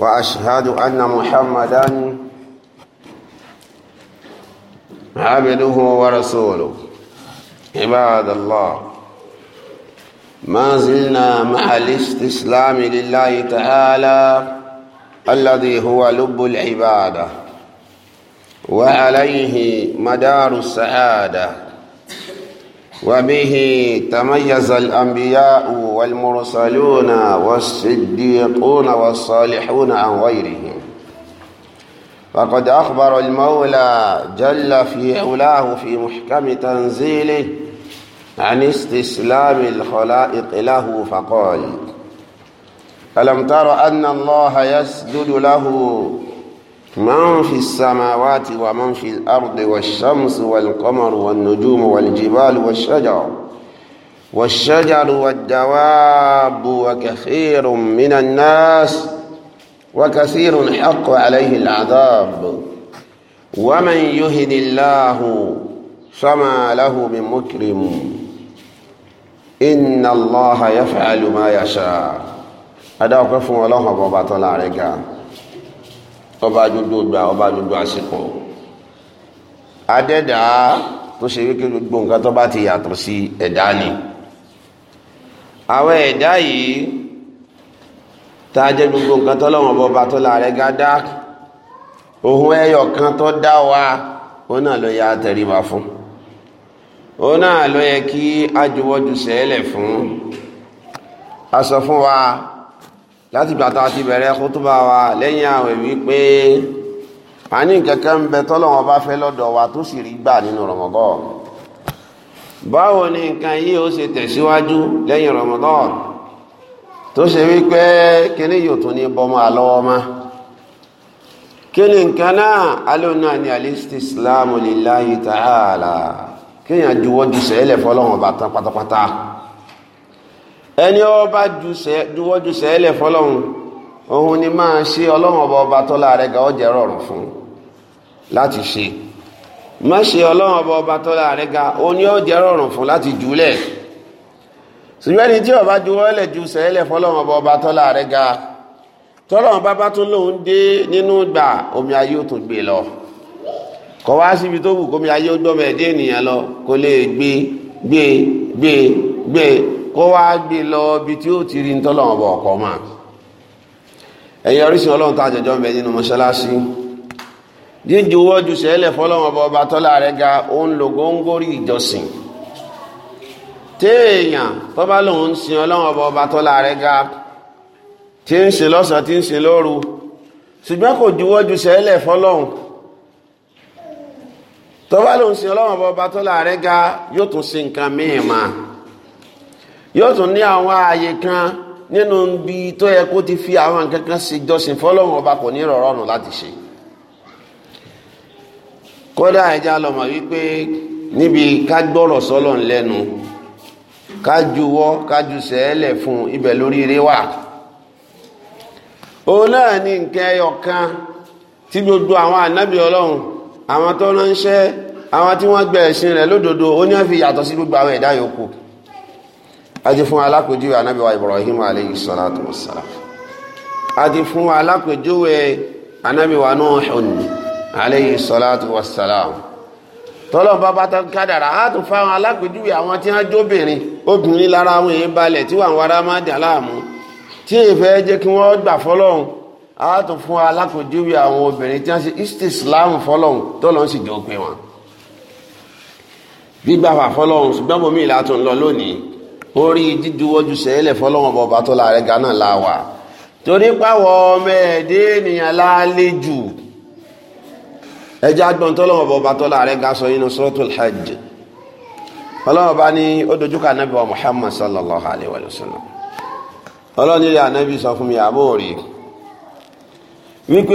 وأشهد أن محمدا عبده ورسوله عباد الله ما زلنا مع الاستسلام لله تعالى الذي هو لب العبادة وعليه مدار السعادة وبه تميز الأنبياء والمرسلون والصديقون والصالحون عن غيرهم فقد أخبر المولى جل في علاه في محكم تنزيله عن استسلام الخلائق له فقال ألم تر أن الله يسجد له من في السماوات ومن في الأرض والشمس والقمر والنجوم والجبال والشجر والشجر والدواب وكثير من الناس وكثير حق عليه العذاب ومن يهد الله فما له من مكرم إن الله يفعل ما يشاء هذا وقف الله وبطل عليك ọba dodo gbà ọba dodo àsìkò adẹ́dà tó ṣe wípé gbogbo nǹkan tó bá ti yàtọ̀ sí ẹ̀dá ni àwọn ẹ̀dá yìí tá a jẹ́ gbogbo nǹkan tó lọ́wọ́n bọba tó la rẹ̀ gádá ohun ẹyọ kan tó dá wa ó náà ló yá tẹríba fún ó náà ló yẹ kí ajúwọ́jú sẹ́lẹ̀ fún a sọ fún wa láti gbàtà ti bẹ̀rẹ̀ kútúbà wa lẹ́yìn àwẹ̀ wípé a ní kẹ́kẹ́ ń bẹ tọ́lọ́wọ́n bá fẹ́ lọ́dọ̀ wa tó sì rí gbà nínú Ramadan báwo ni nǹkan yìí ó ṣe tẹ̀síwájú lẹ́yìn Ramadan tó ṣe wípé kíní yóò tún ní bọ́mọ àlọ́wọ́ má kíní nǹkan náà alóòna ni alistislamu lillahi ta'ala kíyàn juwọ́jú sẹ́lẹ̀ fọ́lọ́wọ́n bá tán pátápátá ẹni ọba juwọ́jú sẹ́ẹ̀lẹ̀ fọlọ́run òun ni máa ṣe ọlọ́run ọba ọba tọ́lá rẹ̀ ga ọjẹ́ rọrùn fún láti ṣe má ṣe ọlọ́run ọba ọba tọ́lá rẹ̀ ga ó ní ọjẹ́ rọrùn fún láti jùlẹ̀ ṣùgbọ́n ẹni tí ọba juwọ́lẹ̀ ju sẹ́ẹ̀lẹ̀ fọlọ́run ọba ọba tọ́lá rẹ̀ ga tọ́lọ́run bá bá tún lòun dé nínú gbà omi ayé ó tún gbé lọ kọ̀ wá kó wá gbé lọ ibi tí ó ti rí ntọ́lọ́wọ́n bọ̀ ọ̀kọ́ mà ẹ̀yin orísun ọlọ́run tó àjọjọ́ ń bẹ nínú mọ́ṣáláṣí jíjù wọ́jú sẹ́lẹ̀ fọlọ́wọ́n bọ̀ ọba tọ́lá rẹ̀ ga ó ń lo góńgórí ìjọsìn téèyàn tó bá lòun ń sin ọlọ́wọ́n bọ̀ ọba tọ́lá rẹ̀ ga tí ń ṣe lọ́sàn tí ń ṣe lóru bá tọ́lá rẹ̀ ga yóò tún sin nǹkan míì máa yóò tún ní àwọn ààyè kan nínú ibi tó yẹ kó ti fi àwọn nǹkan kan ṣe jọsìn fọlọ́run ọba kò ní rọrọ́ nù láti ṣe kódà ẹja lọmọ wípé níbi ká gbọ́rọ̀ sọ́lọ̀ lẹ́nu ká juwọ́ ká ju sẹ́ẹ̀lẹ̀ fún ibẹ̀ lórí rẹ wà òun náà ní nǹkan ẹyọ kan tí gbogbo àwọn ànábì ọlọ́run àwọn tó ránṣẹ́ àwọn tí wọ́n gbẹ̀ ẹ̀sìn rẹ̀ lódodo ó ní wọ́n fi yàtọ̀ sí gbogbo àwọn ẹ̀dá yòókù adi fún alákòjúwe anabi wa ibrahim aleyhi salatu wa salam adi fún alákòjúwe anabi wa nuhun aleyhi salatu wa salam tọ́lọ̀ bàbá tó kádàrà á tún fáwọn alákòjúwe àwọn tí wọ́n jóbìnrin obìnrin lára àwọn èèyàn balẹ̀ tí wọ́n wára máa dà láàmú tí ìfẹ́ jẹ́ kí wọ́n gbà fọ́lọ́hun á tún fún alákòjúwe àwọn obìnrin tí wọ́n ṣe istislam fọ́lọ́hun tọ́lọ́ sì jọ pé wọn gbígbà fà fọ́lọ́hun ṣùgbọ́n bòmí ìlà tó ń lọ lónìí orí jíjuwọ́jú sẹ́lẹ̀ fọ́lọ́wọ́n bọ̀bá tó láàrẹ gánà láwà torí pàwọ̀ ọmọ ẹ̀dẹ́ ènìyàn láàlẹ́ jù ẹjá gbọ́n tọ́lọ́wọ́n bọ̀bá tó láàrẹ gásọ inú suratul hajj ọlọ́wọ́n bá ní ó dojúkà nábì wa muhammad sallallahu alayhi wa sallam ọlọ́wọ́n nílé ànábì sọ fún mi àbó rí wípé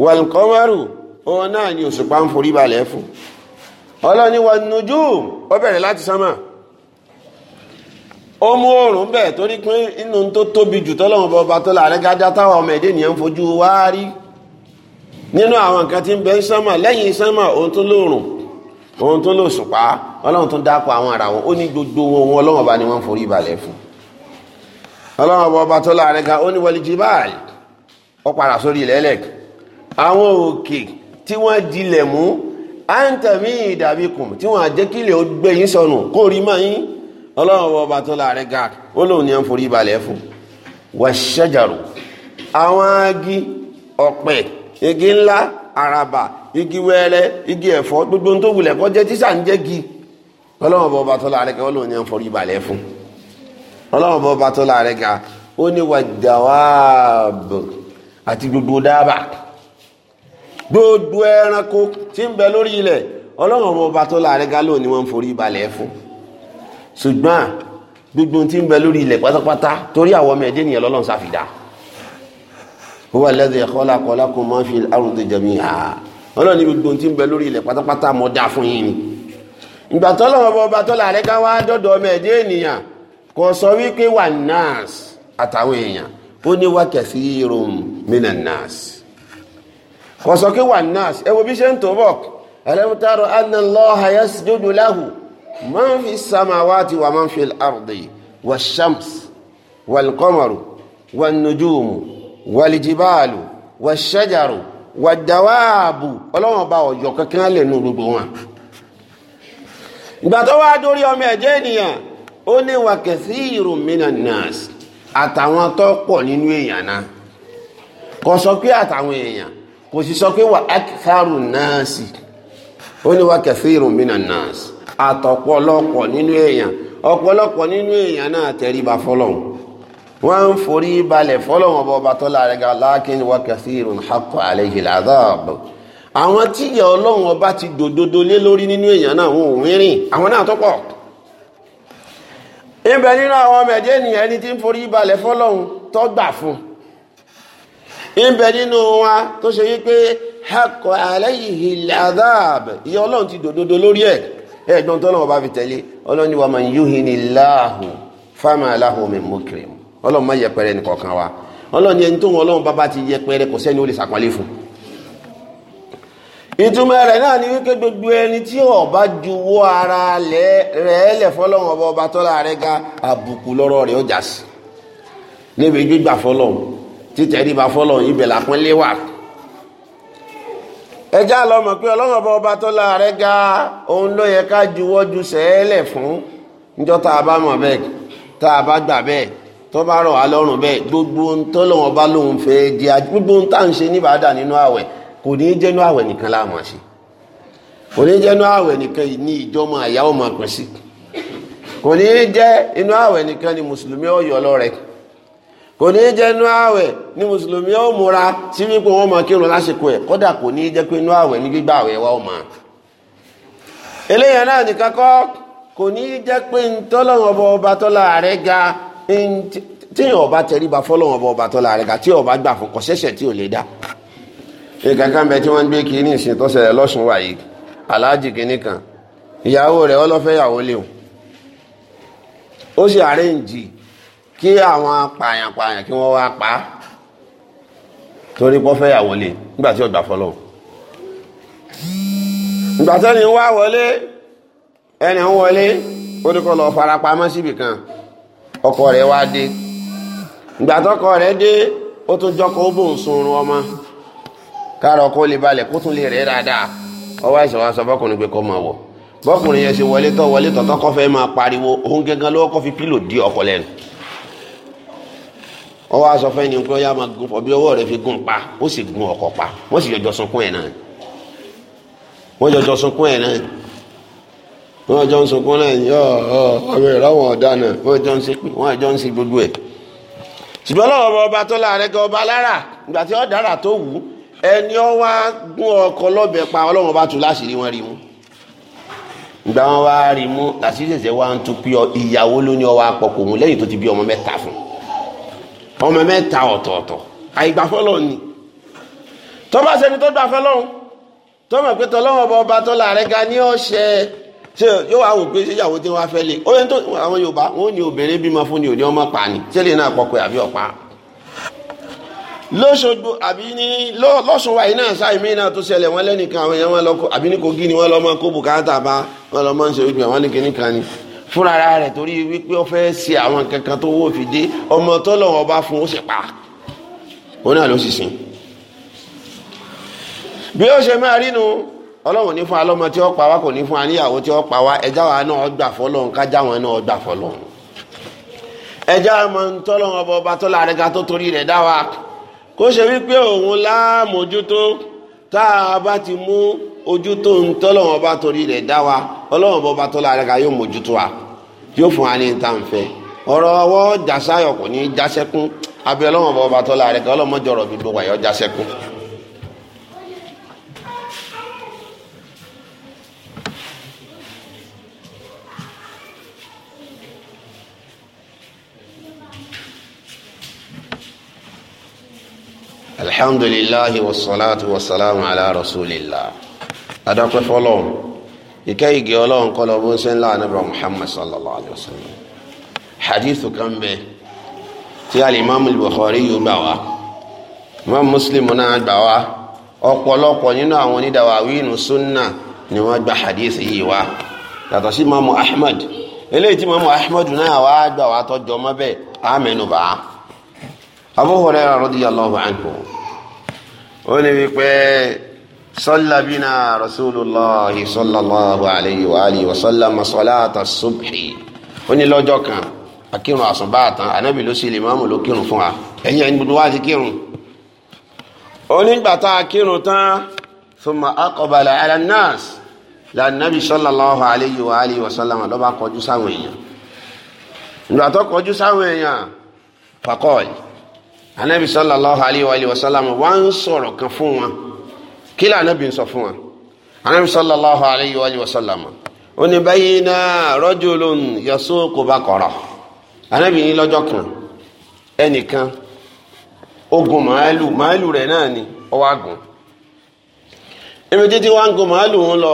wàlùkọ́mọ́rù òun náà ni òṣùpá ń forí balẹ̀ fún nùjú ó bẹ̀rẹ̀ láti sánmà ó mú oòrùn bẹ̀ torí pín inú tó tóbi jù tọ́lọ́wọ́n bọba tó láàrẹ́ gájá ọmọ fojú wá rí nínú àwọn nǹkan tí ń bẹ sánmà lẹ́yìn sánmà òun tó lóòrùn òun tó ọlọ́run tó dápọ̀ àwọn ara wọn ó ọba ni wọ́n forí balẹ̀ ọba tó ó ní wọlé jibáàlì ó àwọn òkè tí wọ́n dilẹ̀ mú àǹtàmí ìdàbíkùn tí wọ́n àjẹ́ kílẹ̀ ó gbé yín sọnù kó rí mọ́ yín ọlọ́run ọba tó láàrẹ ga ó lóun ní à ń forí balẹ̀ fún wà ṣẹ́jàrò àwọn agi ọ̀pẹ igi ńlá àràbà igi wẹ́rẹ́ igi ẹ̀fọ́ gbogbo tó wulẹ̀ kọ́ jẹ́ tíṣà ń jẹ́ gi ọlọ́run ọba tó láàrẹ ga ó lóun ní à ń forí balẹ̀ fún ọlọ́run ọba tó láàrẹ gbogbo ẹranko tí ń bẹ lórí ilẹ̀ ọlọ́run ọba tó láàrin gálò ni wọ́n ń forí balẹ̀ fún ṣùgbọ́n gbogbo tí ń bẹ lórí ilẹ̀ pátápátá torí àwọn ọmọ ẹ̀dẹ́ nìyẹn lọ́lọ́run ṣàfidà huwa ma fil ardi jami'a ọlọ́run ní gbogbo tí ń bẹ lórí ilẹ̀ pátápátá mọ́ dá fún yín ni ìgbà kọ̀sọ́kí wà nas ẹwọ bí ṣe ń tó bọ̀ alam tara anna Allaha yasjudu lahu man fi samawati wa man fil ardi wash-shams wal-qamaru wan-nujumu wal-jibalu wash-shajaru wad-dawabu ọlọ́wọ́n bá ọ̀yọ́ kankan lè nu dórí ọmọ ẹ̀jẹ̀ ènìyàn ó ní wa kathirun minan nas àtàwọn tó pọ̀ nínú èèyàn náà kọ̀sọ́kí àtàwọn èèyàn kò sì sọ pé wà ákìfàrù náàsì ó ní wà kẹfìrù mínà náàsì àtọ̀pọ̀lọpọ̀ nínú èèyàn ọ̀pọ̀lọpọ̀ nínú èèyàn náà tẹríba fọ́lọ́run wọ́n ń forí balẹ̀ fọ́lọ́run ọba ọba tó láàrẹ́gà láàkín wà kẹfìrù hakọ̀ àlejì làdáàbò àwọn tíyẹ ọlọ́run ọba ti dòdodo lé lórí nínú èèyàn náà wọn ò rírìn àwọn náà tó pọ̀ ibẹ̀ nínú àwọn ọmọ ẹ̀dẹ́ ènìyàn ẹni tí ń forí balẹ̀ fọ́lọ́run tó fún un ìbẹ̀ nínú wa tó ṣe wípé hakọ̀ aláìhì làdáàb iye ọlọ́run ti dòdodo lórí ẹ̀ ẹ̀gbọ́n tó náà bá fi tẹ̀lé ọlọ́run ni wà máa yúhi ní láàhù fáàmà aláhùn mi mọ́kìrìm ọlọ́run má yẹpẹrẹ wa ọlọ́run ni ẹni tó wọn ọlọ́run ti yẹpẹrẹ kò sẹ́ni ó lè fún ìtumọ̀ rẹ̀ náà ni wípé gbogbo ẹni tí ọba ara rẹ̀ lẹ̀ ọba ọba tọ́lá rẹ̀ ga àbùkù lọ́rọ̀ rẹ̀ ọjà sí níbi títẹríba fọ́lọ̀ ibẹ̀ Ẹ já lọ mọ̀ pé ọlọ́run ọba ọba tó láàrẹ ga òun ló yẹ ká juwọ́ ju sẹ́ẹ̀lẹ̀ fún níjọ́ tá a bá mọ̀ bẹ́ẹ̀ tá a bá gbà gbogbo ohun tó lọ́wọ́ bá lóun fẹ́ di gbogbo ohun tá kò ní í jẹ́nu àwẹ̀ nìkan kò ní í jẹ́nu àwẹ̀ nìkan ní ìjọmọ sí kò ní í jẹ́ inú nìkan ni mùsùlùmí ọ̀yọ́ lọ́rẹ̀ẹ́ kò ní jẹ́ inú ààwẹ̀ ní mùsùlùmí ó múra sí wípé wọ́n máa kírun lásìkò ẹ kódà kò ní jẹ́ pé inú ní gbígbà ààwẹ̀ wa ó máa eléyàn náà nìkan kò ní jẹ́ pé ń ọba ọba tọ́lá ga tí ọba tẹríba fọ́lọ́wọ́ ọba ọba tọ́lá tí ọba gbà fún tí ò lè dá kan kí àwọn pààyàn-pààyàn kí wọ́n wá pa á torí pọ́ fẹ́ yà wọlé nígbà tí ọgbà fọlọ́ ìgbà tẹ́ni wá wọlé ẹni ń wọlé ó ní kó lọ farapamọ́ síbì kan ọkọ rẹ̀ wá dé ìgbà tọkọ rẹ̀ dé ó tún jọ́kọ̀ ó bòun sunrun ọmọ káàrọ̀ kó lè balẹ̀ kó tún lè rẹ̀ dáadáa ọwọ́ àìsàn wa sọ bọ́kùnrin pé kó máa wọ̀ bọ́kùnrin yẹn ṣe wọlé tọ́ wọlé tọ́tọ́ kọ́ fẹ́ máa pariwo òun gẹ́gẹ́ lọ́wọ́ kọ́ fi pílò dí ọkọ lẹ́nu ọ wá sọ fẹ́ni pé ọyá máa gun ọbí ọwọ́ rẹ fi gun pa ó sì gun ọkọ̀ pa wọ́n sì jọjọ sunkún ẹ̀ náà wọ́n jọjọ sunkún ẹ̀ náà wọ́n jọ ń sunkún náà yọ ọ̀rọ̀ ìrọ̀wọ̀n ọ̀daràn wọ́n jọ ń ṣe pé wọ́n jọ ń ṣe gbogbo ẹ̀ ṣùgbọ́n lọ́wọ́ ọba tó láàrẹ gan ọba lára ìgbà tí ó dára tó wù ú ẹni ọ wá gún ọkọ̀ lọ́bẹ̀ pa ọlọ́run ọba tù láṣìírí wọn rí mú ìgbà wọn wá rí mú àṣírí ṣẹ̀ṣẹ̀ wá ń tún pé ìyàwó ló ní ọwọ́ apọ̀kọ̀ òun lẹ́yìn tó ti bí ọmọ mẹ́ta fún un ọmọ mẹ́ta ọ̀tọ̀ọ̀tọ̀ àìgbàfọ́lọ́ ni tó bá ṣẹni tó gbà fọ́lọ́ tó mọ̀ pé tọ́lọ́wọ́ bá ọba tọ́lá rẹ̀ ga ní ọ̀ṣẹ́ ṣe yóò wá wò pé ṣéyàwó tí wọ́n fẹ́ lé oye tó àwọn Yorùbá wọn ò ní obìnrin bímọ fún ni ò ní ọmọ pa ni ṣẹlẹ̀ náà pọ̀ pé àbí ọ̀pá lọ́sọ̀gbò àbí ní lọ́sùn wa iná sáìmí náà tó ṣẹlẹ̀ wọ́n lẹ́nìkan àwọn èèyàn wọn lọ́kọ̀ àbí ní Kogi ni wọ́n lọ́mọ kó bùkátà bá wọ́n lọ́mọ ń ṣe ojú ẹ̀ wọ́n ní kíní kan ni fúnra rẹ̀ torí wípé ó fẹ́ ṣe àwọn kankan tó wó fi dé ọmọ tọ́lọ́wọ́ bá fún ó sì pa òun náà ló sì sìn bí ó ṣe máa rínu ọlọ́run ní fún alọ́mọ tí ó pa wá kò ní fún aníyàwó tí ó pa wá ọba wa kó ṣe wípé òun láàmójútó tá a ti mú ojú tó ọba torí rẹ̀ wa ọlọ́run ọba yóò fún wa ní ntànfẹ́ ọ̀rọ̀ ọwọ́ jàsáyọ̀ kò ní jásẹ́kún abẹ́ ọlọ́wọ́n bọ́ ọba tọ́lá rẹ̀ kẹ́ ọlọ́mọdé ọ̀rọ̀ gbogbo wa yọ jásẹ́kún. alhamdulillahi wassalatu wassalamu ala rasulillah adakwe ìkẹ́ ìgẹ́ ọlọ́run kọ́ lọ bó ń ṣe ńlá ànábì muhammad sallallahu alayhi wa sallam hadith kan bẹ tí alimami bukhari yóò gbà wá imam muslim náà gbà wá ọ̀pọ̀lọpọ̀ nínú àwọn onídàwáwínú sunna ni wọ́n gba hadith yìí wá yàtọ̀ sí mamu ahmed eléyìí tí mamu ahmed náà wá gbà wá tọ́jọ́ mọ́ bẹ́ẹ̀ amẹ́nu bá abu hurairah radiyallahu anhu ó ní wípé. صلى بنا رسول الله صلى الله عليه وآله وسلم صلاة الصبح ó ní lọ́jọ́ kan akírun àsùnbà tán anábì ló sì lè máàmù ló kírun fún wa ẹ̀yìn ẹni gbogbo wá ti kírun onígbàtà akírun tán thumma aqbala ala an-nas lànàbì sallallahu alayhi wa alihi wa sallam ló bá kọjú sáwọn èèyàn ìgbà tó kọjú sáwọn èèyàn faqal anábì sallallahu alayhi wa alihi wa sallam wá ń kan fún wọn Kila lànàbì ń sọ fún wa anabi sallallahu alayhi wa sallam ó ní bayina rajulun yasuqu baqara anabi ní lọ́jọ́ kan ẹnìkan ogun màálù màálù rẹ náà ni ó wá gùn ebi títí wá ń gun màálù ń lọ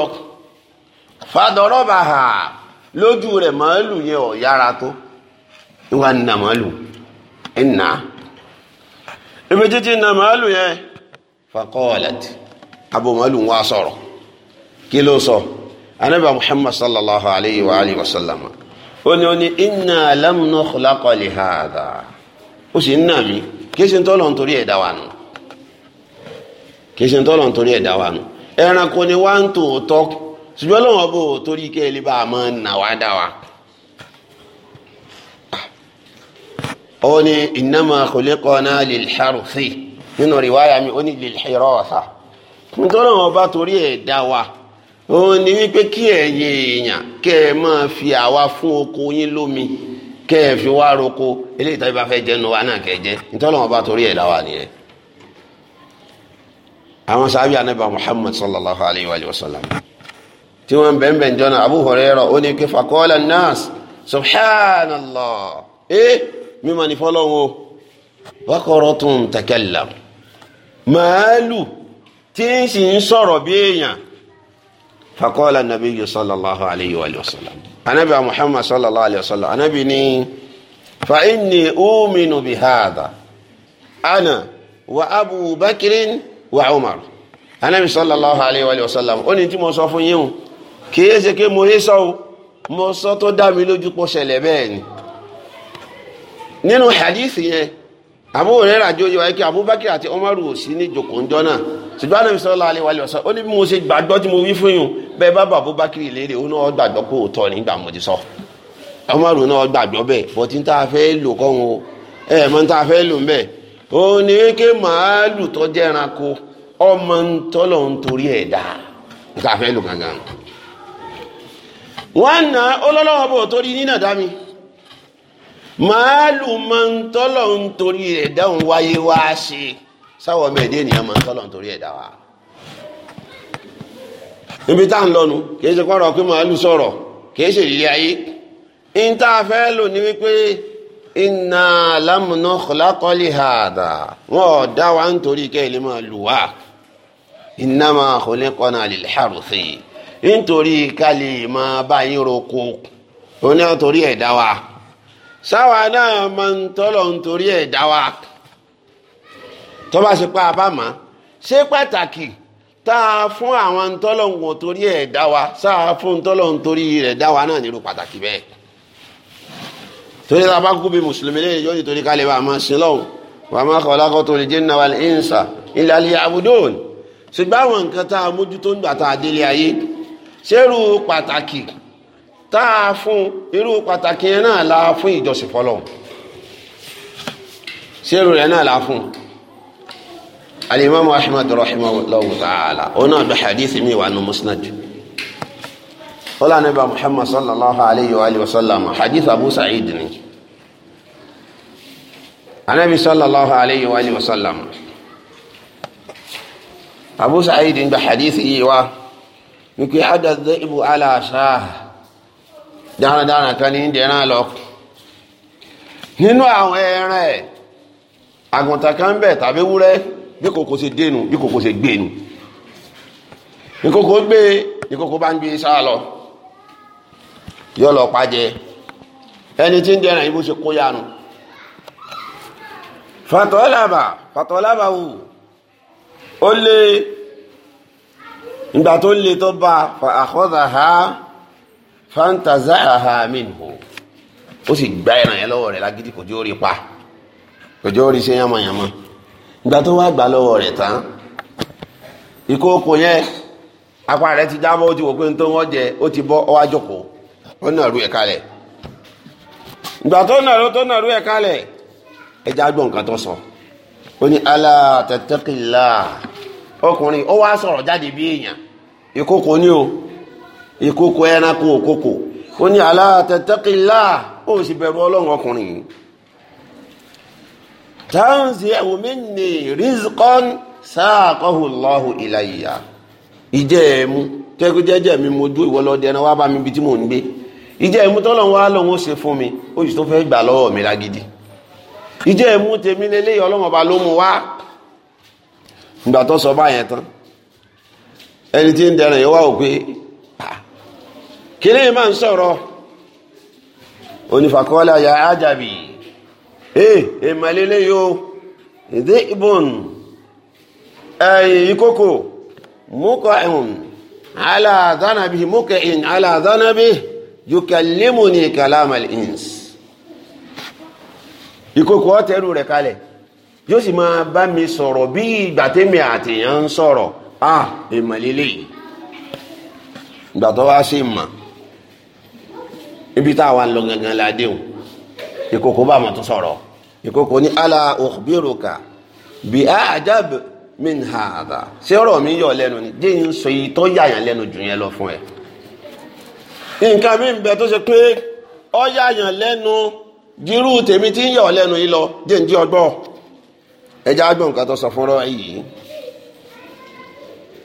fadọ́rọ́bàhà lójú rẹ̀ màálù yẹn ọ̀ yára tó wá nà màálù ẹ̀ nà ebi nà màálù yẹn faqalat. abomalu wa sọ̀rọ̀ kí ló sọ anábà muhammad sallallahu alayhi wa alihi wa sallam ó ní ó ní inna lam nukhlaqa li hadha ó sì ń nà mí kí ṣe ń tọ́lọ̀ nítorí ẹ̀dá wa nù kì í ṣe tọ́lọ̀ nítorí ẹ̀dá wa nù ẹranko ni wá ń tò tọ́ ṣùgbọ́n lọ́wọ́ bò torí kí ẹ lè bá nà wá dá wa. ó ní innama khuliqna nínú rìwáyà mi ó nítorí wọn bá torí ẹ̀ dá wa òun ni wípé kí ẹ̀yin èèyàn kẹ́ ẹ máa fi àwa fún oko yín lómi kẹ́ ẹ fi wá roko eléyìí tàbí bá fẹ́ jẹ́ nu wa náà kẹ́ ẹ jẹ́ nítorí wọn bá torí ẹ̀ dá wa nìyẹn. àwọn sábì anábà Muhammad sallallahu alayhi wa sallam tí wọ́n bẹ̀ ń bẹ̀ ń ó ní kí fakọ́lá nas subhanallah eh mímọ ní fọlọ́wọ́ wákọ̀rọ̀ tún tẹ̀kẹ́lá màálù tí ń sì ń sọ̀rọ̀ bí èèyàn fakọ́lá nàbí yìí sallallahu alayhi wa sallam anabi muhammad sallallahu alayhi wa sallam anabi ni fa inni uminu bi hada ana wa abu bakirin wa umar anabi sallallahu alayhi wa sallam ó ní tí mo sọ fún yín kìí ṣe pé mo rí sọ o mo sọ tó dá mi lójú pọ̀ ṣẹlẹ̀ bẹ́ẹ̀ ni nínú hadith yẹn Abu Hurairah jóyọ ẹ kí abubakar àti umaru ò sí ní jòkó ńjọ náà ṣùgbọ́n àná ìṣọ́lá alẹ́ wàlẹ́ ó ní bí mo ṣe gbàgbọ́ tí mo wí fún yín bẹ́ẹ̀ bá bàbá bákìrì léèrè ó náà gbàgbọ́ pé òótọ́ mo ti sọ ọmọrùn náà gbàgbọ́ bẹ́ẹ̀ bọ́tí ń tá a fẹ́ lò o mọ́ ń ẹranko ọmọ ń tọ́lọ̀ ń torí ẹ̀ dá ń tá a fẹ́ lò gangan. wọ́n ọlọ́lọ́wọ́ bò torí mi màálù ń tọ́lọ̀ sáwọ ọmọ ẹdẹ ènìyàn máa ń tọ́lọ̀ nítorí ẹ̀dá wa. ibi tá à ń lọnu kìí ṣe pọ́nrọ̀ pé màálù sọ̀rọ̀ kìí ṣe ìrírí ayé. ń tá a fẹ́ lò ní wípé iná lámùná kọlákọ́lì hàdà wọn ò dá wa nítorí kẹ́lẹ́ máa lù wá. iná máa kọ́lé kọ́nà lè hàrùsí nítorí ká máa bá yín roko oní àtòrí ẹ̀dá wa sáwa náà máa ń tọ́lọ̀ nítorí ẹ̀dá wa tó bá ṣe pa àbámà ṣé pàtàkì tá a fún àwọn ntọ́lọ́hún torí ẹ̀ dá wa sá a fún ntọ́lọ́hún torí rẹ̀ dá wa náà nírú pàtàkì bẹ́ẹ̀ torí tá a bá kú bí mùsùlùmí lè yọjú torí ká lè bá a máa ṣe lọ́wọ́ wàá má kọ́ lákọ́ tó lè jẹ́ náà wà ní ìnsà ilẹ̀ alẹ́ àbúdóòn ṣùgbọ́n àwọn nǹkan tá a mójútó ń gbà tá a délé ayé ṣerú pàtàkì tá a fún irú pàtàkì yẹn náà la fún ìjọsìn fọlọ́ ṣerú rẹ̀ náà la fún un alimami ahmed rahimahullahu ta'ala ona do hadithi mi wa nu musnad wala nabi muhammad sallallahu alayhi wa alihi wa sallam hadith abu sa'id ni anabi sallallahu alayhi wa alihi wa sallam abu sa'id gba hadith yi wa wípé adàdé ìbò aláàṣáà dáradára kan ní ìdẹ̀rán lọ nínú àwọn ẹran ẹ̀ àgùntàn kan bẹ̀ tàbí wúrẹ́ bí kòkó ṣe dénú bí kòkó ṣe gbénu bí kòkó gbé bí kòkó bá ń gbé sá lọ yóò lọ pàjẹ ẹni tí ń dẹrẹ yìí bó kó yanu fatọlaba fatọlaba wò ó lé ìgbà tó lé tó bá fa àkọ́dà ha fantaza ha minhu ó sì gbá ẹran yẹn lọ́wọ́ rẹ̀ lágídí kò jó rí pa kò jó rí sí yamayama. ìgbà tó wá gbà lọ́wọ́ rẹ̀ tán ìkókò yẹn apá rẹ̀ ti jábọ́ ó ti wò pé n tó wọ́n jẹ ó ti bọ́ ọwá jókòó ó nà rú ẹ̀ kalẹ̀ ìgbà tó nà rú tó nà rú sọ ó ní ala ọkùnrin ó wá sọ̀rọ̀ jáde bí èèyàn ìkókò o ìkókò ẹranko òkókò ó ní ala ó sì bẹ̀rù ọlọ́run tanzi'u minni rizqan saaqahu Allahu ilayya ìjẹ́ ẹ̀mú tẹ́kù jẹ́jẹ́ mi mo dú ìwọ lọ́dẹ ẹran wá bá mi tí mò ń gbé ìjẹ́ ẹ̀mú tọ́lọ̀ wá lọ́wọ́ se fún mi ó sì tó gbà lọ́wọ́ mi lágídí ìjẹ́ ẹ̀mú tèmi lélẹ́yìn ba mu ya èèmà lélẹ́ yóò ìdí ìbòn ìkókò múkọ̀ ẹ̀hùn aláàdánabi múkẹ̀ in aláàdánabi yùkẹ̀lẹ́mù ní kalamal ins ìkókò ọ̀tẹ̀rù rẹ̀ kalẹ̀ yóò sì máa bá mi sọ̀rọ̀ bí ìgbà tẹ́mi àtìyàn ń sọ̀rọ̀ ah èèmà eh, lélẹ́ bá mọ̀ tó sọ̀rọ̀ ìkókò ní ala ukhbiruka bí ajab min hadha ṣé ọ̀rọ̀ mi yọ̀ lẹ́nu ni dé ń sọ yìí tó yàyàn lẹ́nu jù yẹn lọ fún ẹ. nǹkan mi ń bẹ tó ṣe pé ọ yàyàn lẹ́nu jírú tèmi tí ń yọ̀ lẹ́nu yìí lọ jẹ́ ń jí ọgbọ́ ẹja gbọ́ nǹkan tó sọ fúnra yìí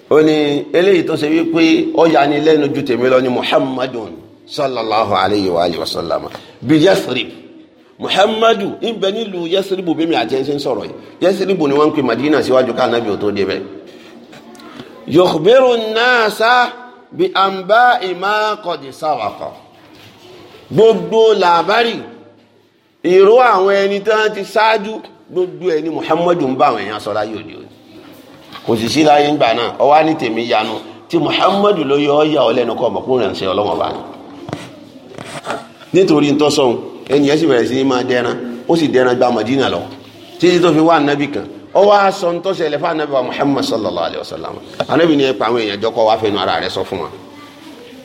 ó ní eléyìí tó ṣe wípé ọ yani lẹ́nu ju tèmi lọ ni muhammadun sallallahu alayhi wa sallam bi yathrib muhammadu ibẹ̀ nílùú yẹsiribu bẹ́mi àti ẹ̀ńsẹ̀ ń sọ̀rọ̀ yìí yẹsiribu ni wọ́n ń madina síwájú ká anabi ò tó dé bẹ́ẹ̀. yukhbiru an-nasa bi anba'i ma qad sawaqa gbogbo làbárì ìró àwọn ẹni tí wọ́n ti ṣáájú gbogbo ẹni muhammadu ń bá àwọn èèyàn sọ láyé òde òní kò sì sí láyé ńgbà náà ọwọ́ ní tèmi yanu tí muhammadu ló yọ ọ́ yà ọ́ lẹ́nu kọ́ ọmọkùnrin ṣe ọlọ́wọ́n bá ní nítorí ń tọ́sọ́hun ènìyàn sì bẹ̀rẹ̀ sí ní máa dẹran ó sì dẹran gba Madina lọ títí tó fi wá ànábì kan ó wá sọ ń tọ́sẹ̀ lẹ́fọ́ ànábì wa Muhammad sallallahu alayhi wa sallam ànábì ni ẹ pa àwọn èèyàn jọkọ wá fẹnu ara rẹ sọ fún wa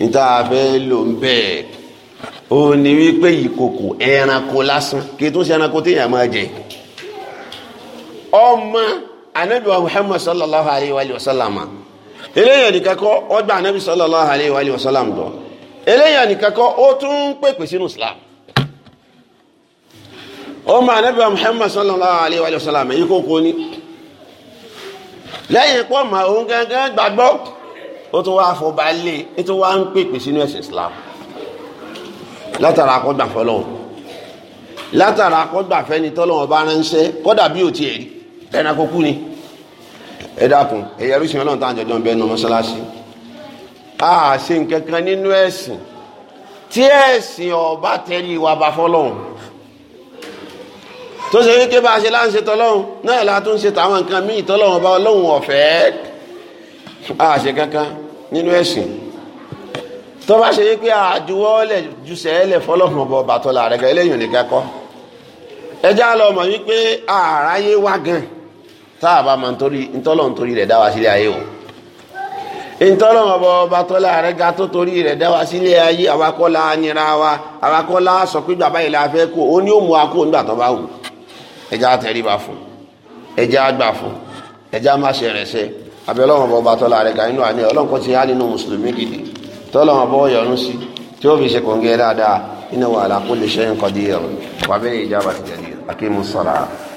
níta fẹ́ lò ń bẹ́ẹ̀ ó ní wípé ìkòkò ẹranko lásán kí tó ṣe ẹranko téèyàn máa jẹ ọmọ ànábì wa Muhammad sallallahu alayhi wa sallam eléyàn nìkan kọ́ ọgbà ànábì sallallahu alayhi wa sallam dọ̀ eléyàn nìkan kọ́ ó tún ń pèpè sínú Islam ọmọ anabi muhammad sallallahu alayhi wa sallam yìí kókó ni lẹ́yìn pọ́ ma òun gángan gbàgbọ́ ó tún wáá fọba lé ó tún wáá ń pèpè sínú ẹ̀sìn islam látara akọ́gbà fọlọ́hún látara akọ́gbà fẹ́ni tọ́lọ́hún bá ránṣẹ́ kọ́dà bí ò tiẹ̀ rí ẹranko kú ni ẹ dákun ẹ̀yẹ ọlọ́run táwọn jọjọ́ ń bẹ́ẹ̀ nu mọ́ṣáláṣí a ṣe nǹkan kan nínú ẹ̀sìn tí ẹ̀sìn ọba tẹ́lẹ̀ wà bá fọlọ́hún tó ṣe wípé bá a ṣe láǹṣe tọlọ́hún náà la tún ṣe tàwọn nǹkan míì tọlọ́hún ọba a ọ̀fẹ́ àṣẹ kankan nínú ẹ̀sìn tó bá ṣe wípé àjùwọ́lẹ̀ jùṣẹ́lẹ̀ fọlọ́hún ọba ọba tọ́lá rẹ̀ gan ní kẹ́kọ́ lọ mọ̀ wípé àráyé wá gan tá a bá ntọ́lọ́hún torí rẹ̀ sílé ayé tó torí rẹ̀ sílé ayé wa sọ pé la fẹ́ ẹjá tẹríba fún ẹjá gbà fún ẹjá má ṣe rẹ̀ ṣe àbí ọlọ́run bọ́ bá tọ́lá rẹ̀ ga nínú àní ọlọ́run kan ti há nínú mùsùlùmí gidi tọ́lọ́run bọ́ yọnu sí tí ó fi ṣe kòǹgẹ́ dáadáa innahu ala kulli shay'in qadir wa bihi ijabati jadir aqimus salah